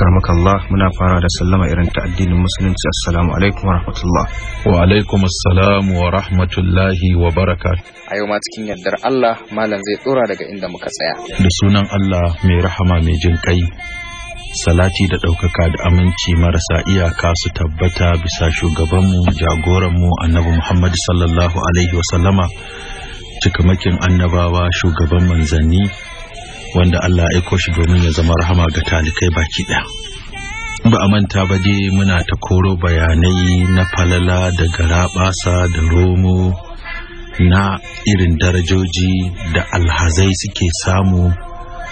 karmaka Allah muna fara da sallama irin ta addinin musulunci assalamu alaikum wa rahmatullah wa alaikum assalamu wa rahmatullahi wa baraka a yau ma cikin yardar Allah malam zai tsora daga inda muka tsaya da sunan Allah mai rahama mai jin kai salati da ɗaukaka da aminci marasa iyaka su tabbata bisa shugabanmu jagoranmu annabi Muhammad sallallahu alaihi wasallama cikamakin annabawa shugaban manzanni wanda Allah ya aiko shi domin ya zama rahama ga talikai baki ɗaya. ba a manta ba dai muna ta koro bayanai na falala da garaɓasa da romo na irin darajoji da alhazai suke samu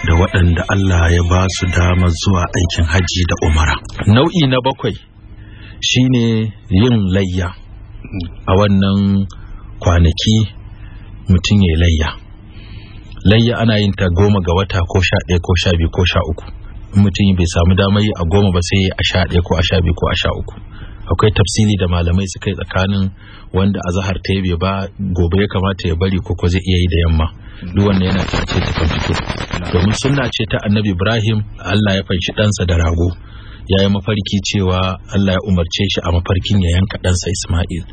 da waɗanda Allah ya ba su dama zuwa aikin haji da umara nau'i na bakwai shine yin layya a wannan kwanaki mutum ya layya layya ana yin ta goma ga wata ko sha ɗaya ko sha biyu ko sha uku in mutum bai samu damar yi a goma ba sai a sha ɗaya ko a sha biyu ko a sha uku akwai tafsiri da malamai suka yi tsakanin wanda a zahar ta yabe ba gobe ya kamata ya bari ko zai iya yi da yamma duk wanne yana tace ta kan domin sunna ce ta annabi ibrahim allah ya fanshi ɗansa da rago ya yi mafarki cewa allah ya umarce shi a mafarkin ya yanka ɗansa isma'il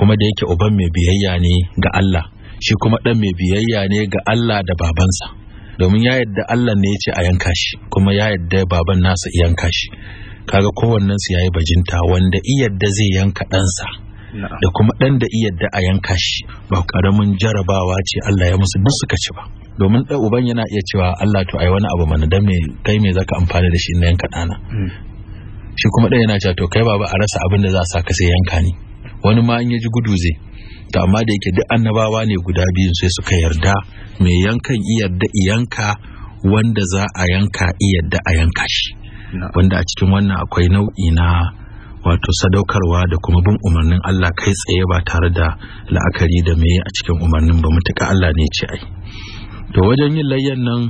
kuma da yake uban mai biyayya ne ga allah shi kuma ɗan mai biyayya ne ga Allah da babansa domin ya yadda Allah ne ya ce a yanka shi kuma ya yadda baban nasa yanka shi kaga kowannen su yayi bajinta wanda iyadda zai yanka ɗansa da kuma ɗan da iyadda a yanka shi ba karamin jarabawa ce Allah ya musu duk suka ci ba domin ɗan uban yana iya cewa Allah to ai wani abu mana dan me kai me zaka amfana da shi in yanka ɗana hmm. shi kuma ɗan yana cewa to kai baba a rasa abin da za a sai yanka ni wani ma in ya gudu zai to amma da yake duk annabawa ne guda biyu sai suka yarda mai yankan iyarda iyanka wanda za a yanka iyarda a yanka shi wanda a cikin wannan akwai nau'i na wato sadaukarwa da kuma bin umarnin Allah kai tsaye ba tare da la'akari da me a cikin umarnin ba mutuka Allah ne ce ai to wajen yin layyan nan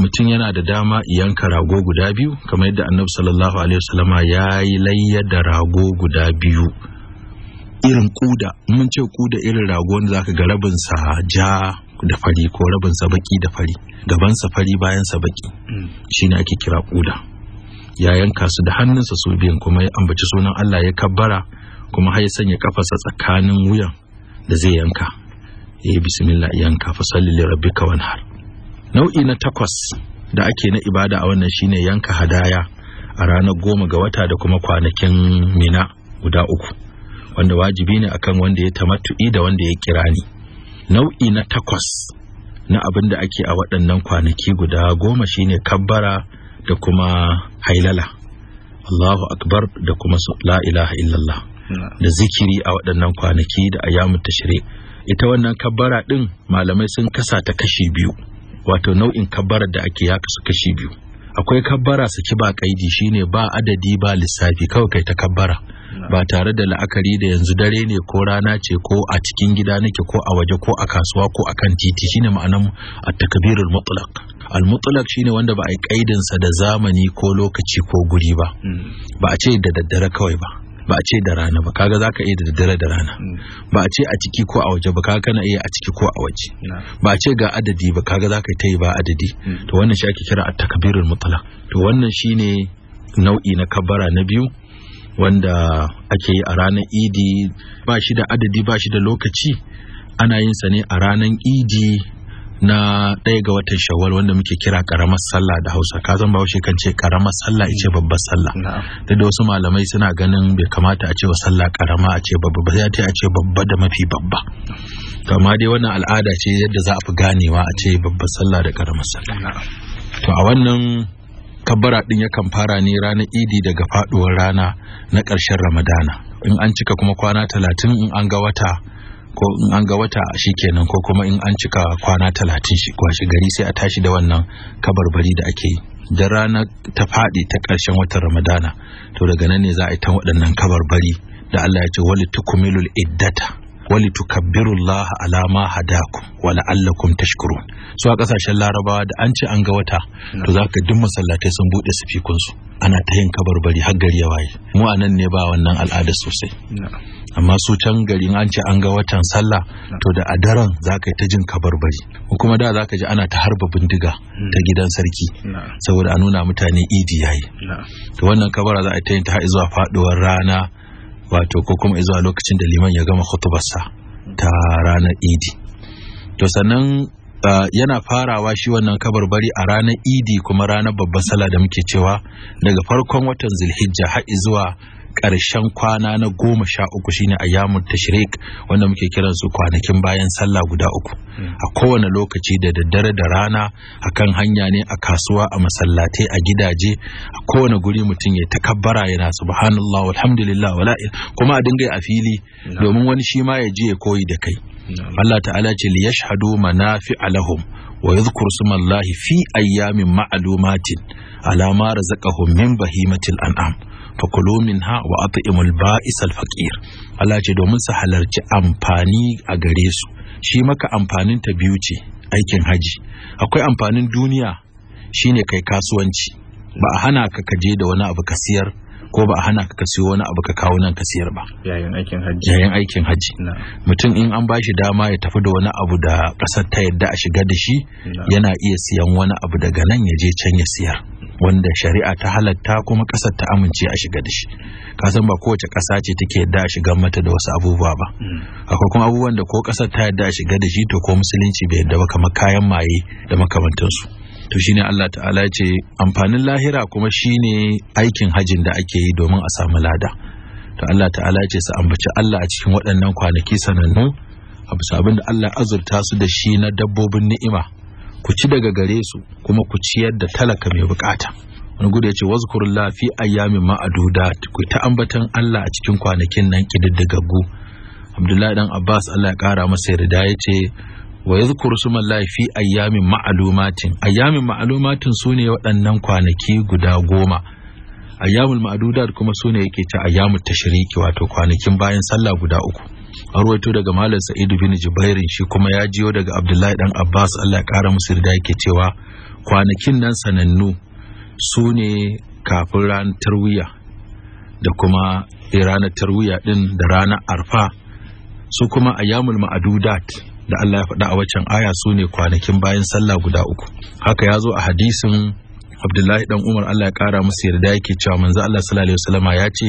mutum yana da dama iyanka rago guda biyu kamar yadda annabi sallallahu alaihi wasallama ya yi layya da rago guda biyu irin kuda mun ce kuda irin ragon da zaka ga rabin sa ja da fari ko rabin sa baki da fari gaban sa fari bayan sa baki mm. shine ake kira kuda ya yanka su da hannunsa su biyan kuma ya ambaci sunan Allah ya kabbara kuma har ya sanya kafarsa tsakanin wuyan da zai yanka ya eh, yi bismillah yanka fa salli li rabbika wanhar nau'i na takwas da ake na ibada a wannan shine yanka hadaya a ranar goma ga wata da kuma kwanakin mina guda uku wanda wajibi ne akan wanda ya tamattu'i da wanda ya kira ni? nau'i na takwas na abin da ake a waɗannan kwanaki guda goma shine kabbara da kuma hailala Allahu akbar da kuma la ilaha illallah da zikiri a waɗannan kwanaki da ayyamu tashri ita wannan kabbara din malamai sun kasa ta kashi biyu wato nau'in kabbarar da ake ya kasu kashi biyu akwai kabbara saki ba kaidi shine ba adadi ba lissafi kawai kai ta kabbara ba tare da la'akari da yanzu dare ne ko rana ce ko a cikin gida nake ko a waje ko a kasuwa ko a kan titi shine ma'anan at-takbirul mutlaq al-mutlaq shine wanda ba a yi kaidin sa da zamani ko lokaci ko guri ba hmm. ba a ce da daddare kawai ba ba a ce da rana ba kaga zaka iya da daddare da rana hmm. ba a ce a ciki ko a waje ba kaga kana iya a ciki ko a waje ba a ce ga adadi ba kaga zaka ta yi ba adadi hmm. to wannan shi ake kira at-takbirul mutlaq to wannan shine nau'i na kabara na biyu wanda ake yi a ranar idi ba shi da adadi ba shi da lokaci ana yin sa ne a ranar idi na ɗaya ga watan shawwal wanda muke kira karamar sallah da hausa ka zan bawa kan ce karamar sallah ice babbar sallah da da wasu malamai suna ganin bai kamata a ce wa sallah karama a ce babba ba sai a ce babba da mafi babba amma dai wannan al'ada ce yadda za a fi ganewa a ce babbar sallah da karamar sallah to a wannan Kabara din yakan fara ne ranar idi daga faduwar rana na ƙarshen ramadana in an cika kuma kwana talatin in an ga wata ko in an ga wata kenan ko kuma in an cika kwana talatin shi kwashi gari sai a tashi da wannan kabarbari da ake yi da rana ta faɗi ta ƙarshen watan ramadana to daga nan ne za a yi ta waɗannan kabarbari da allah ya ce wali tukumilul iddata walitukabbirullaha ala ma hadakum wa la'allakum tashkurun su a kasashen larabawa da an ce an ga wata to zaka duk masallatai sun bude sifikun su ana ta yin kabarbari har gari ya waye mu a nan ne ba wannan al'ada sosai amma su can gari an ce an ga watan sallah to da a daren zaka yi ta jin kabarbari kuma da zaka ji ana ta harba bindiga ta gidan sarki saboda a nuna mutane idi yayi to wannan kabara za a ta yin ta har zuwa faduwar rana wato ko kuma izuwa lokacin da liman ya gama khutubarsa ta ranar idi to sannan yana farawa shi wannan bari a ranar idi kuma ranar babban sallah da muke cewa daga farkon watan zulhijja har zuwa ƙarshen kwana na goma sha uku shine ayyamun tashrik wanda muke kiran su kwanakin bayan sallah guda uku a kowane lokaci da daddare da rana a kan hanya ne a kasuwa a masallatai a gidaje a kowane guri mutum ya takabbara yana subhanallah walhamdulillah wala kuma a dinga a fili domin wani shi ma ya je ya koyi da kai Allah ta'ala ce li yashhadu manafi'a lahum wa yadhkur sumallahi fi ayyamin ma'lumatin ala ma razaqahum min bahimatil an'am fakulu ha wa imul ba'is al Allah ce domin su halarci amfani a gare su shi maka amfanin ta biyu ce aikin haji akwai amfanin duniya shine kai kasuwanci ba a hana ka kaje da wani abu ka ko ba a hana ka siyo wani abu ka kawo nan ka siyar ba yayin aikin haji yayin aikin haji mutum in an bashi dama ya tafi da wani abu da kasar ta yadda a shiga da shi yana iya siyan wani abu daga nan ya je can ya siyar wanda shari'a ta halatta kuma ƙasar ta amince a shiga da shi kasan ba kowace ƙasa ce take a shiga mata da wasu abubuwa ba mm. akwai kuma abubuwan da ko ƙasar ta yarda a shiga da shi to ko musulunci bai yarda ba kamar kayan maye da makamantansu to shine Allah ta'ala ce amfanin lahira kuma shine aikin hajin da ake yi domin a samu lada to Allah ta'ala ce su ambaci Allah a cikin waɗannan kwanaki sanannu a bisa da Allah azurta su da shi na dabbobin ni'ima ku ci daga gare su kuma ku ciyar da talaka mai bukata wani gudu ya ce wazkurullah fi ayyamin ma'aduda ku ta ambatan Allah a cikin kwanakin nan kididdigaggu Abdullahi dan Abbas Allah ya kara masa yarda ya ce wa yadhkuru sumallahi fi ayyamin ma'lumatin ayyamin ma'lumatin sune waɗannan kwanaki guda goma ayyamul ma'dudat kuma sune yake ta ayyamut tashiriki wato kwanakin bayan sallah guda uku A arwaito daga malam sa'idu bin jibairin shi kuma ya jiyo daga abdullahi dan abbas allah ya kara musu da yake cewa kwanakin nan sanannu su ne kafin ranar tarwiya da kuma ranar tarwiya din da ranar arfa su kuma ayyamul ma'adudat da allah ya faɗa a waccan aya su ne kwanakin bayan sallah guda uku haka ya zo a hadisin abdullahi dan umar allah ya kara musu yarda yake cewa manzo allah sallallahu alaihi wasallama ya ce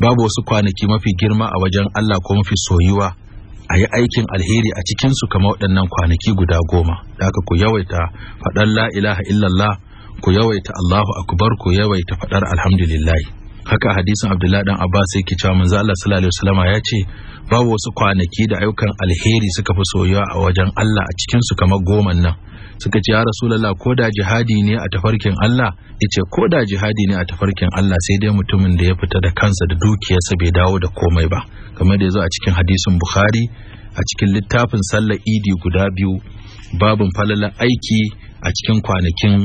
babu wasu kwanaki mafi girma a wajen allah ko mafi soyuwa a yi aikin alheri a cikin su kamar waɗannan kwanaki guda goma da aka ku yawaita faɗar la ilaha illallah ku yawaita allahu akbar ku yawaita faɗar alhamdulillah haka hadisin abdullahi dan abbas yake cewa manzo Allah sallallahu alaihi wasallam ya ce babu wasu kwanaki da ayyukan alheri suka fi soyuwa a wajen Allah a cikin su kamar goman nan suka ce ya rasulullah ko da jihadi ne a tafarkin Allah yace ko da jihadi ne a tafarkin Allah sai dai mutumin da ya fita da kansa da dukiyarsa bai dawo da komai ba kamar da yazo a cikin hadisin bukhari a cikin littafin sallar idi guda biyu babin falalar aiki a cikin kwanakin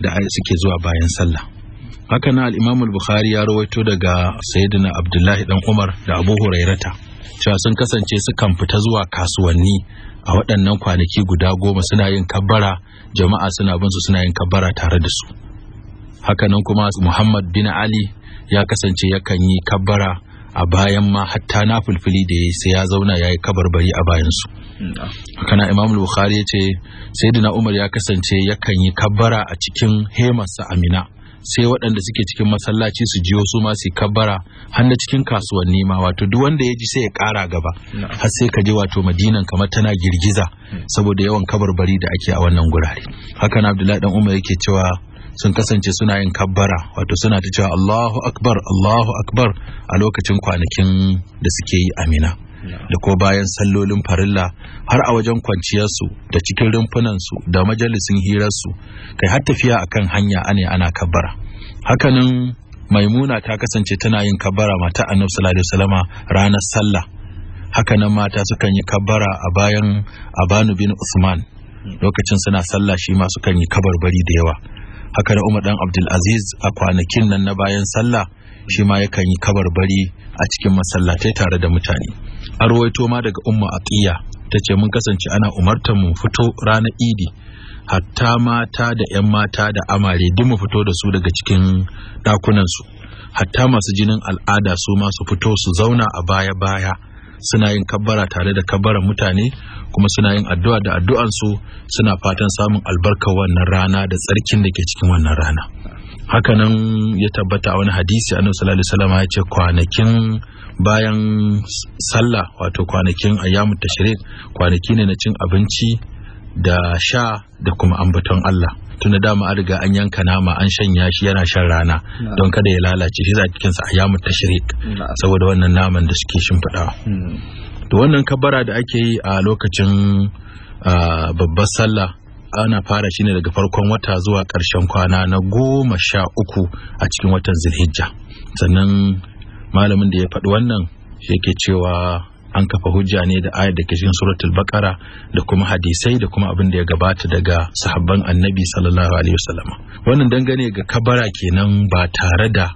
da suke zuwa bayan sallah haka na al-imam ya rawaito daga sayyidina abdullahi dan umar da abu hurairata cewa sun kasance sukan fita zuwa kasuwanni a waɗannan kwanaki guda goma suna yin kabbara jama'a suna bin su suna yin kabbara tare da su hakanan kuma muhammad bin ali ya kasance yakan yi kabbara a bayan ma hatta na fulfili da ya sai ya zauna ya yi kabarbari a bayansu hakanan imam bukhari ya ce sayyidina umar ya kasance yakan yi kabbara a cikin hemarsa amina sai waɗanda suke cikin masallaci su jiyo su ma su kabbara har na cikin kasuwanni ma wato duk wanda ya ji sai ya kara gaba har sai ka je wato madinan kamar tana girgiza hmm. saboda yawan kabarbari da ake a wannan gurare hakan abdullahi dan umar yake cewa sun kasance suna yin kabbara wato suna ta cewa allahu akbar allahu akbar a lokacin kwanakin da suke yi amina da ko bayan sallolin farilla har a wajen kwanciyarsu da cikin rumfunansu da majalisin hirarsu kai har tafiya akan hanya ane ana kabbara hakanan maimuna ta kasance tana yin kabbara mata annabi sallallahu alaihi wasallama ranar sallah hakanan mata sukan yi kabbara a bayan abanu bin usman lokacin suna sallah shi ma sukan yi kabarbari da yawa haka da umar dan abdulaziz a kwanakin nan na bayan sallah shi ma yakan yi kabarbari a cikin masallatai tare da mutane a ruwaito ma daga umma aqiya ta ce mun kasance ana umartar mu fito ranar idi hatta mata da 'yan mata da amare duk mu fito da su daga cikin ɗakunansu hatta masu jinin al'ada su ma su fito su zauna a baya-baya suna yin kabbara tare da kabbaran mutane kuma suna yin addu'a da addu'ansu suna fatan samun albarka wannan rana da tsarkin da ke cikin wannan rana hakanan ya tabbata a wani hadisi annabi sallallahu alaihi wasallam ya ce kwanakin bayan sallah wato kwanakin ayyamu tashrik kwanaki ne na cin abinci da sha da kuma ambaton Allah tuna dama an riga an yanka nama an shanya shi yana shan rana don kada ya lalace shi za cikin sa ayyamu tashrik saboda wannan naman da suke shimfiɗawa hmm. to wannan kabbara da ake yi a lokacin babbar sallah ana fara shi ne daga farkon wata zuwa ƙarshen kwana na goma sha uku a cikin watan zilhijja sannan malamin da ya faɗi wannan shi ke cewa an kafa hujja ne da ayar da ke cikin suratul baqara da kuma hadisai da kuma abin da ya gabata daga sahabban annabi sallallahu alaihi wasallam wannan dangane ga kabara kenan ba tare da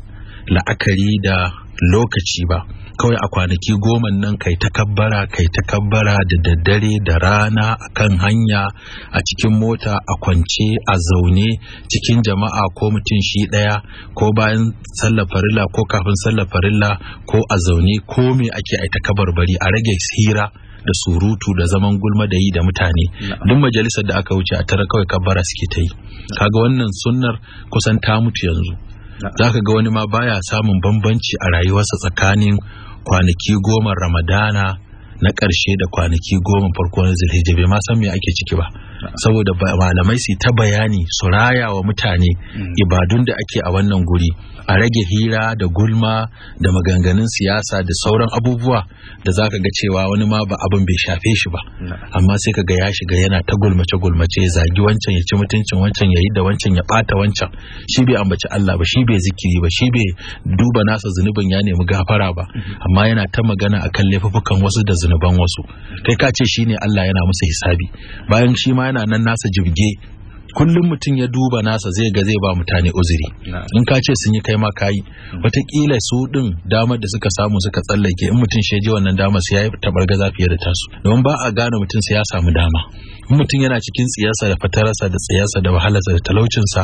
la'akari da lokaci ba kawai a kwanaki goma nan kai takabbara kai takabbara da daddare da rana a kan hanya a cikin mota a kwance a zaune cikin jama'a ko mutum shi ɗaya ko bayan sallar farilla ko kafin sallar farilla ko a zaune ko me ake ai takabarbari a rage hira da surutu da zaman gulma da yi da mutane duk majalisar da aka wuce a tara kawai kabbara suke ta yi kaga wannan sunnar kusan ta mutu yanzu zaka ga wani ma baya samun bambanci a rayuwarsa tsakanin kwanaki goma ramadana na ƙarshe da kwanaki goma farko na zilhijja bai ma san me ake ciki ba saboda malamai su ta bayani su raya wa mutane mm. ibadun da ake a wannan guri a rage hira da gulma da maganganun siyasa da sauran abubuwa da za ka ga cewa wani ma ba abin bai shafe shi ba mm. amma sai ka ga ya shiga yana ta gulmace gulmace ya zagi wancan ya ci mutuncin wancan ya yi da wancan ya bata wancan shi bai ambaci Allah ba shi bai zikiri ba shi bai duba nasa zunubin ya nemi gafara ba mm-hmm. amma yana ta magana akan laifukan wasu da zunuban wasu kai ka ce shine Allah yana musu hisabi bayan shi ma ana nan nasa jirge kullum mutum ya duba nasa zai ga zai ba mutane uzuri in ka ce sun yi kai ma kayi mm. wataƙila su din damar da suka samu suka tsallake in mutum shi wannan damar sai ya yi tabargaza fiye da tasu domin ba a gane mutum sai ya samu dama in mutum yana cikin tsiyasa da fatararsa da tsiyarsa da wahalarsa da talaucinsa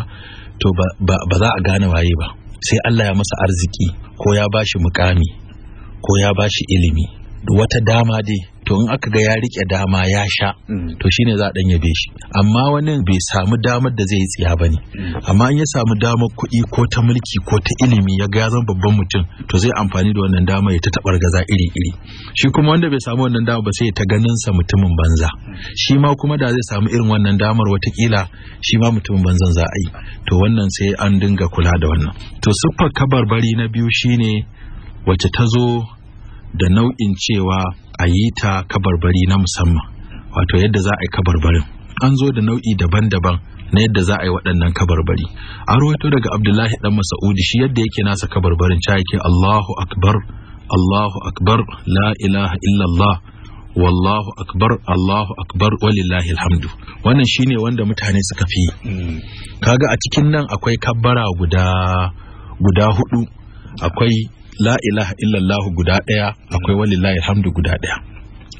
to ba za a gane waye ba sai Allah ya masa arziki ko ya bashi mukami ko ya bashi ilimi wata dama dai to in aka ga ya rike dama ya sha mm. to shine za a dan yabe shi amma wani bai samu damar da zai yi tsiya bane mm. amma in ya samu damar kuɗi ko ta mulki ko ta ilimi ya ga zan babban mutum to zai amfani da wannan dama ya ta tabar gaza iri iri shi kuma wanda bai samu wannan dama ba sai ya ta ganin sa mutumin banza shi ma kuma da zai samu irin wannan damar watakila shi ma mutumin banzan za a yi to wannan sai an dinga kula da wannan to kabar bari na biyu shine wacce ta zo da nau'in cewa a yi ta kabarbari na musamman wato yadda za a yi kabarbarin an zo da nau'i daban-daban na yadda za a yi waɗannan kabarbari a rawaito daga abdullahi dan masa'udi shi yadda yake nasa kabarbarin ca yake allahu akbar allahu akbar la ilaha illallah wallahu akbar allahu akbar walillahi alhamdu wannan shine wanda mutane suka fi hmm. kaga a cikin nan akwai kabbara guda guda hudu akwai la ilaha illallah guda ɗaya akwai walillahi alhamdu guda ɗaya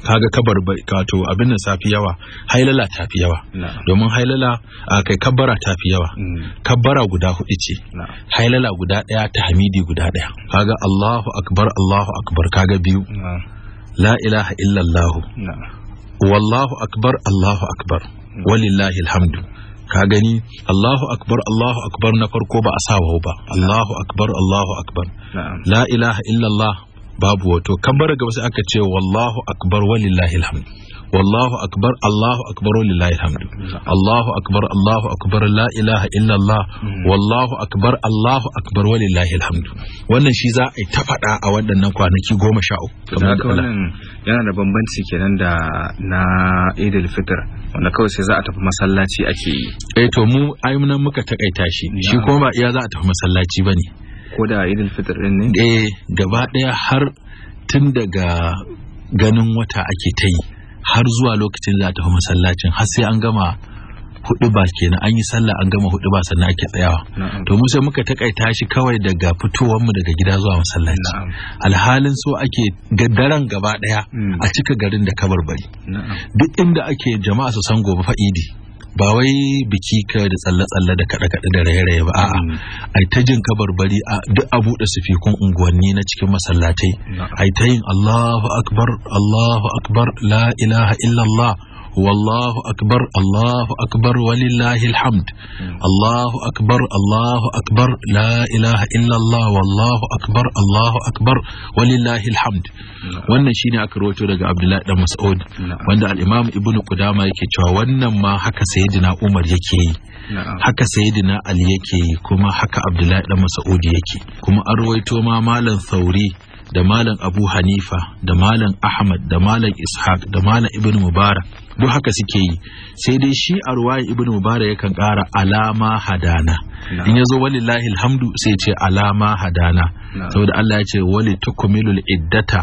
kaga kabar bai kato abin nan safi yawa hailala tafi yawa domin hailala kai kabbara tafi yawa mm. kabbara guda hudu ce hailala guda ɗaya ta hamidi guda ɗaya kaga Allahu akbar Allahu akbar kaga biyu la ilaha illallah wallahu akbar Allahu akbar walillahi alhamdu ka gani Allahu akbar Allahu akbar na farko ba a sa ba Allahu akbar Allahu akbar la ilaha illallah babu wato kan bar gaba sai aka ce wallahu akbar walillahi alhamd wallahu akbar Allahu akbar lillahi hamdu Allahu akbar Allahu akbar la ilaha illallah hmm. wallahu akbar Allahu akbar walillahi alhamdu wannan shi za a yi ta faɗa a waɗannan kwanaki goma sha uku yana da bambanci kenan da na idil fitr wanda kawai sai za a tafi masallaci ake yi eh to mu ai nan muka takaita shi shi kuma ba iya za a tafi masallaci bane ko da idil fitr din ne eh gaba daya har tun daga ganin wata ake ta yi har zuwa lokacin za a tafi masallacin har sai an gama hudu ba kenan an yi sallah an gama hudu ba sannan ake tsayawa to mu muka takaita shi kawai daga fitowar mu daga gida zuwa masallaci alhalin so ake daren gaba daya hmm. a cika garin da kabar bari duk inda ake jama'a su san gobe fa'idi ba wai biki ka da tsalle-tsalle da kaɗe-kaɗe da raye-raye ba a'a mm. ai ta jin bari a duk a buɗe sufikun unguwanni na cikin masallatai mm. ai ta yin Allahu akbar Allahu akbar la ilaha illallah والله أكبر الله أكبر ولله الحمد الله أكبر الله أكبر لا إله إلا الله والله أكبر الله أكبر ولله الحمد wannan shine aka rawaito daga Abdullahi dan Mas'ud wanda Al'imam imam Ibn Qudama yake cewa wannan ma haka Sayyidina Umar yake yi haka Sayyidina Ali yake yi kuma haka Abdullahi dan Mas'ud yake kuma an rawaito ma malam Sauri da malam Abu Hanifa da malam Ahmad da malam Ishaq da malam Ibn Mubarak duk haka suke yi sai dai shi a ruwayin ibn mubarak yakan ƙara alama hadana in yazo walillahi alhamdu sai ce alama hadana saboda Allah ya ce wali tukmilul iddata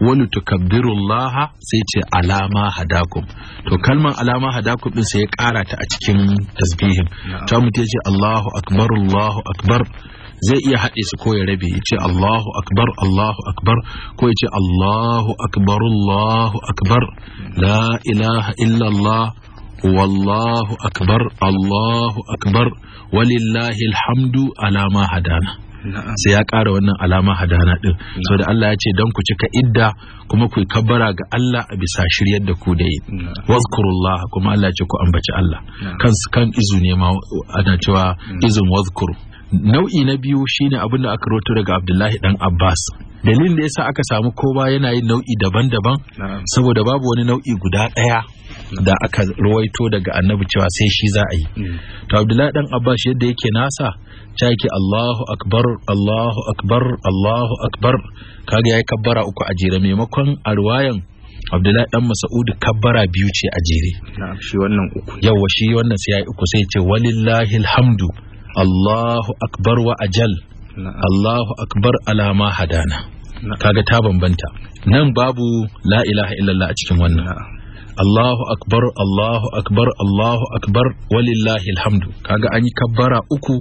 wali tukabbirullaha sai ce alama hadakum to kalman alama hadakum din sai ya ƙara ta a cikin tasbihin to mutum ce Allahu akbar Allahu akbar zai iya haɗe su ko ya rabe ya ce Allahu akbar Allahu akbar ko ya ce Allahu akbar Allahu akbar la ilaha illallah wallahu akbar Allahu akbar walillahi alhamdu alama hadana sai ya ƙara wannan alama hadana ɗin Saboda Allah ya ce don ku cika idda kuma ku kabbara ga Allah a bisa shiryar da ku da yi wazkurullah kuma Allah ya ce ku ambaci Allah kan kan izu ne ma ana cewa izun wazkuru nau'i na biyu shine abin da aka roto daga abdullahi dan abbas dalilin da yasa aka samu kowa yana yin nau'i daban-daban saboda babu wani nau'i guda ɗaya da aka rawaito daga annabi cewa sai shi za a yi mm. to abdullahi dan abbas yadda yake nasa ta yake allahu akbar allahu akbar allahu akbar kaga ya kabbara uku a jere maimakon a ruwayan abdullahi dan mas'ud kabbara biyu ce a jere shi wannan uku yawa shi wannan sai ya yi uku sai ce walillahi alhamdu Allahu akbar wa ajal Allahu akbar alama hadana kaga ta bambanta nan babu la ilaha illallah a cikin wannan Allahu akbar Allahu akbar Allahu akbar walillahi alhamdu kaga an yi kabbara uku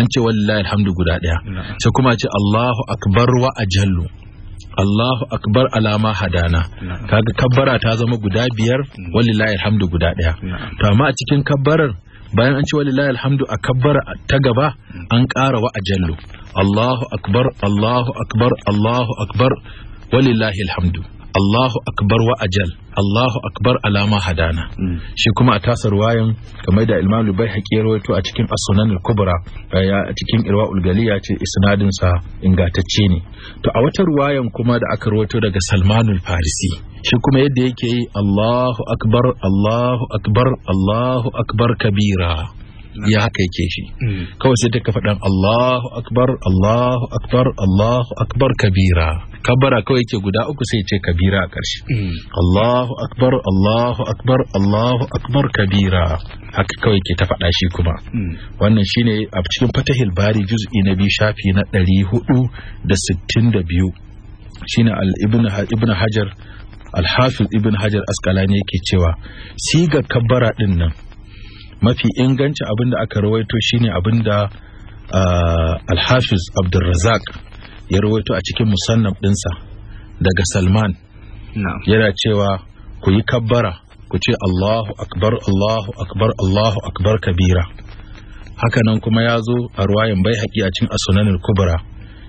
an ce walillahi alhamdu guda daya sai kuma ce Allahu akbar wa ajallu Allahu akbar alama hadana kaga kabbara ta zama guda biyar walillahi alhamdu guda daya to amma a cikin kabbarar bayan an ce walillahi alhamdu a kabbara ta gaba an ƙara wa ajallu Allahu akbar Allahu akbar Allahu akbar walillahi alhamdu Allahu akbar wa ajal Allahu akbar alama hadana mm. shi kuma a tasar wayan kamar da Imam bai haƙi rawaito a cikin as al-kubra eh, a cikin irwaul galiya ce isnadin sa ingantacce ne to a wata ruwayan kuma da aka rawaito daga Salmanul Farisi shi kuma yadda yake yi Allahu akbar Allahu akbar Allahu akbar kabira ya haka yake shi hmm. kawai sai ta ka dan Allahu akbar Allahu akbar Allahu akbar kabira kabbara kawai yake guda uku sai ce kabira a ƙarshe hmm. Allahu akbar Allahu akbar Allahu akbar kabira haka kawai ke ta faɗa shi kuma hmm. wannan shine a cikin fatahil bari juz'i na biyu shafi na hudu da da sittin biyu. shine al ibn hajar alhafiz ibn hajar askalani yake cewa sigar kabbara din nan mafi inganci abinda aka rawaito shine abinda alhafiz abdulrazak ya rawaito a cikin musannaf dinsa daga salman yana cewa ku yi kabbara ku ce allahu akbar allahu akbar allahu akbar kabira hakanan kuma ya zo a ruwayan bai haƙi a cikin asunanin kubra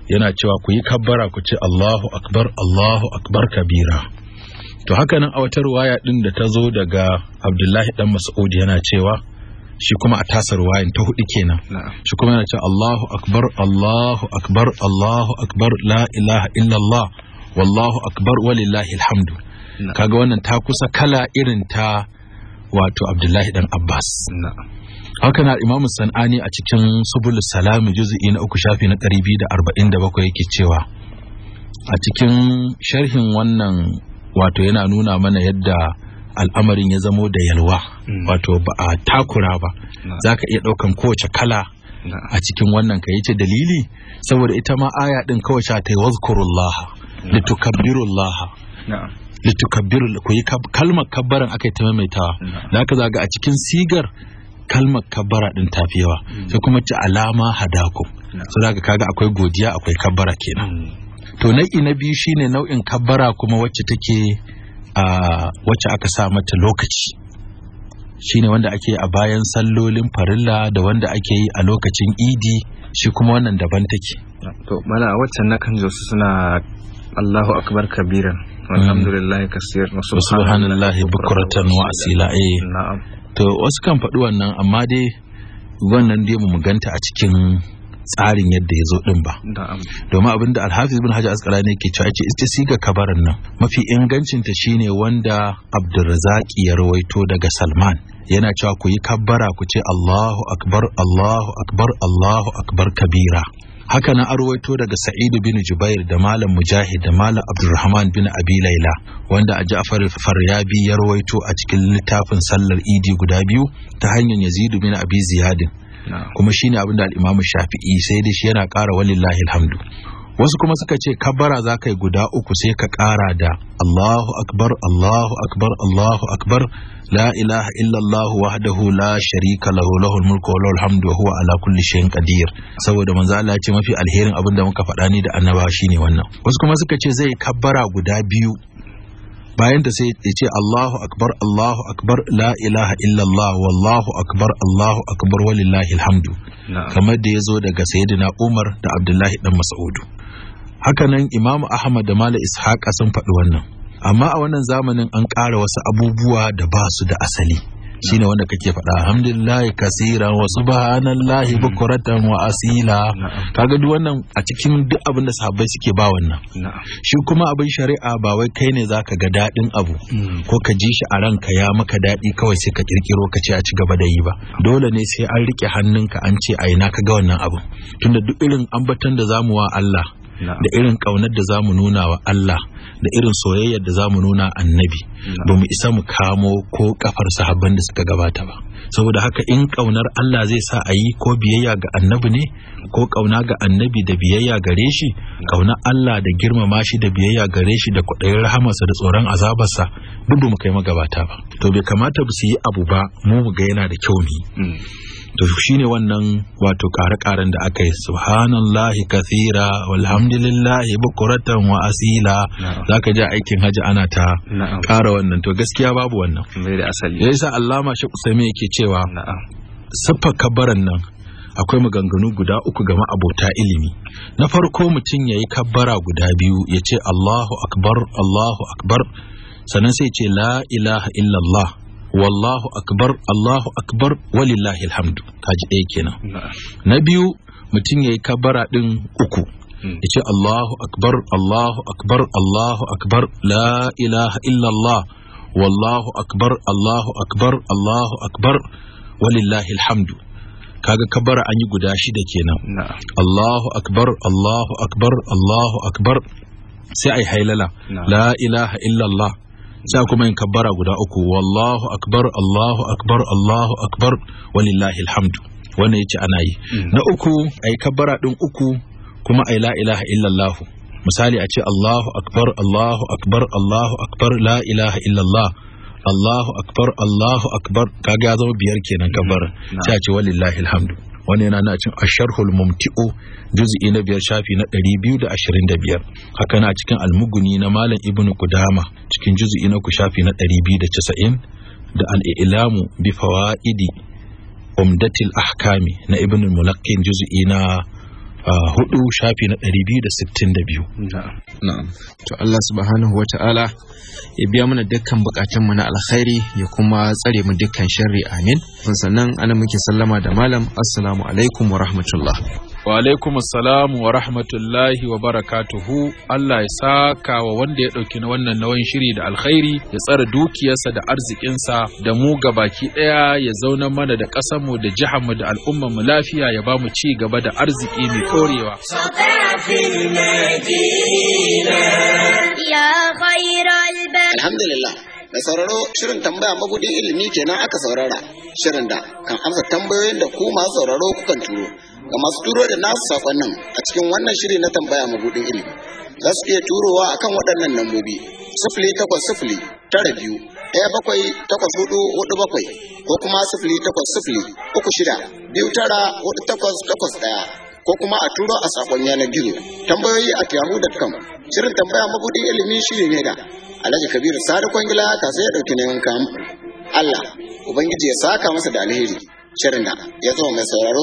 yana cewa ku yi kabbara ku ce allahu akbar allahu akbar kabira to haka nan a wata ruwaya din da ta zo daga abdullahi dan mas'ud yana cewa shi kuma a tasa ruwayan ta hudu kenan shi kuma yana cewa Allahu akbar Allahu akbar Allahu akbar la ilaha illallah wallahu akbar walillahi alhamdu kaga wannan ta kusa kala irin ta wato Abdullahi dan Abbas haka na imamu Sanani a cikin Subul Salam juzi'i na uku shafi na da da arba'in bakwai yake cewa a cikin sharhin wannan wato yana nuna mana yadda al'amarin ya zamo da yalwa mm. wato ba a takura ba za ka iya ɗaukan kowace kala a cikin wannan ka yi ce dalili saboda ita ma aya ɗin kawai sha ta yi wazkurullaha litukabbirullaha ku yi kalmar kabbaran aka yi ta maimaitawa da aka zaga a cikin sigar kalmar kabbara din tafiyawa. Mm. sai kuma ci alama za ka kaga akwai godiya akwai kabbara kenan mm. to nau'i na biyu shine nau'in kabbara kuma wacce take a wacce aka sa mata lokaci shine wanda ake a bayan sallolin farilla da wanda ake yi a lokacin idi shi kuma wannan daban take to mala wacce na kan su suna Allahu akbar kabiran alhamdulillah kasir subhanallahi bukratan wa asila eh na'am to wasu kan faɗi wannan amma dai wannan dai mu ganta a cikin tsarin yadda ya zo din ba domin abin da alhafiz bin hajar asqalani yake cewa ita siga kabarin nan mafi ingancin ta shine wanda abdurrazaki ya rawaito daga salman yana cewa ku yi kabbara ku ce allahu akbar allahu akbar allahu akbar kabira haka na arwaito daga sa'idu bin jubair da malam mujahid da malam abdurrahman bin abi laila wanda a ja'far faryabi ya rawaito a cikin littafin sallar idi guda biyu ta hanyar yazidu bin abi ziyadin kuma shine abin da al-Imam Shafi'i sai dai shi yana ƙara walillahi alhamdu wasu kuma suka ce kabbara za yi guda uku sai ka ƙara da Allahu akbar Allahu akbar Allahu akbar la ilaha Allah wahdahu la sharika lahu lahul mulku wa lahul hamdu wa huwa ala kulli shay'in qadir saboda manzo Allah ya ce mafi alherin abin da muka faɗa ni da annaba shine wannan wasu kuma suka ce zai kabbara guda biyu bayan da sai ya ce Allahu akbar Allahu akbar la ilaha illallah wallahu akbar Allahu akbar walillahi alhamdu kamar da ya zo daga sayyidina Umar da Abdullahi dan Mas'udu hakanan Imam Ahmad da Malik Ishaq sun faɗi wannan amma a wannan zamanin an ƙara wasu abubuwa da ba su da asali shine wanda kake faɗa alhamdulillah kasira wa subhanallahi mm. bukuratan wa asila kaga duk wannan a cikin duk abin da sahabbai suke ba wannan shi kuma abin shari'a ba wai kai ne zaka ga daɗin abu mm. ko ka ji shi a ranka ya maka daɗi kawai sai ka kirkiro ka ce a ci gaba da yi ba dole ne sai an rike hannunka an ce a ina ka ga wannan abin tunda duk irin ambatan da zamu wa Allah da irin kaunar da zamu nuna wa Allah da irin soyayyar da zamu nuna annabi ba mu isa mu kamo ko kafar sahabban da suka gabata ba saboda haka in kaunar Allah zai sa a yi ko biyayya ga annabi ne ko kauna ga annabi da biyayya gare shi kauna Allah da girmama shi da biyayya gare shi da kwaɗayin rahamarsa da tsoron azabarsa duk mu kai magabata ba to bai kamata ba su yi abu ba mu mu ga yana da kyau ne to shine wannan wato kare-karen da aka yi subhanallahi kathira walhamdulillahi bukuratan wa asila zaka ji aikin haji ana ta kara wannan to gaskiya babu wannan ya sa allama shi kusame yake cewa siffa kabaran nan akwai maganganu guda uku ga abota ilimi na farko mutum ya yi kabbara guda biyu Yace ce allahu akbar allahu akbar sannan sai ce la ilaha illallah wallahu akbar Allahu akbar walillahi alhamdu kaji ɗaya kenan na biyu mutum yayi kabara ɗin uku hmm. yace Allahu akbar Allahu akbar Allahu akbar la ilaha illallah wallahu akbar Allahu akbar Allahu akbar walillahi alhamdu kaga kabara an yi guda shida kenan Allahu akbar Allahu akbar Allahu akbar sai ay hailala la ilaha illallah sai kuma yin kabbara guda uku wallahu akbar allahu akbar allahu akbar walillahi alhamdu wannan yace ana yi mm. na uku ai kabbara din uku kuma ai la ilaha illallah misali a ce allahu akbar allahu akbar allahu akbar la ilaha illallah allahu akbar allahu akbar kaga ya zama biyar kenan kabbara mm-hmm. sai a ce walillahi alhamdu wani yana na cin asharhul mumti'u juz'i na biyar shafi na 225 haka na cikin almuguni na malam ibnu kudama cikin juz'i na ku shafi na 290 da al-ilamu bi fawaidi umdatil ahkami na ibnu mulaqqin juz'i na hudu shafi na biyu da 262 na'am to Allah subhanahu wa ta'ala ya biya mana dukkan bukatun mu na alkhairi ya kuma tsare mu dukkan sharri amin sannan ana muke sallama da malam assalamu alaikum wa rahmatullah wa alaikum assalamu wa rahmatullahi wa barakatuhu Allah ya saka wa wanda ya ɗauki na wannan nawan shiri da alkhairi ya tsara dukiyarsa da arzikinsa da mu gabaki ɗaya ya zauna mana da ƙasarmu da mu da mu lafiya ya ba mu ci gaba da arziki mai korewa. Alhamdulillah da sauraro shirin tambaya magudin ilimi kenan aka saurara shirin da kan amsa tambayoyin da ku masu sauraro kukan turo ga masu turo da nasu sakonnin a cikin wannan shiri na tambaya magudin ilimi za su iya turowa akan waɗannan lambobi sifili takwas sufuli tara biyu ɗaya bakwai takwas hudu hudu bakwai ko kuma sifili takwas sufuli uku shida biyu tara hudu takwas takwas ɗaya ko kuma a turo a sakon yanar gizo tambayoyi a da yahoo.com shirin tambaya mabudin ilimi shiri ne da alhaji kabiru sadakon gila ta sai ya dauki neman kamu allah ubangiji ya saka masa da alheri shirin da ya zama mai sauraro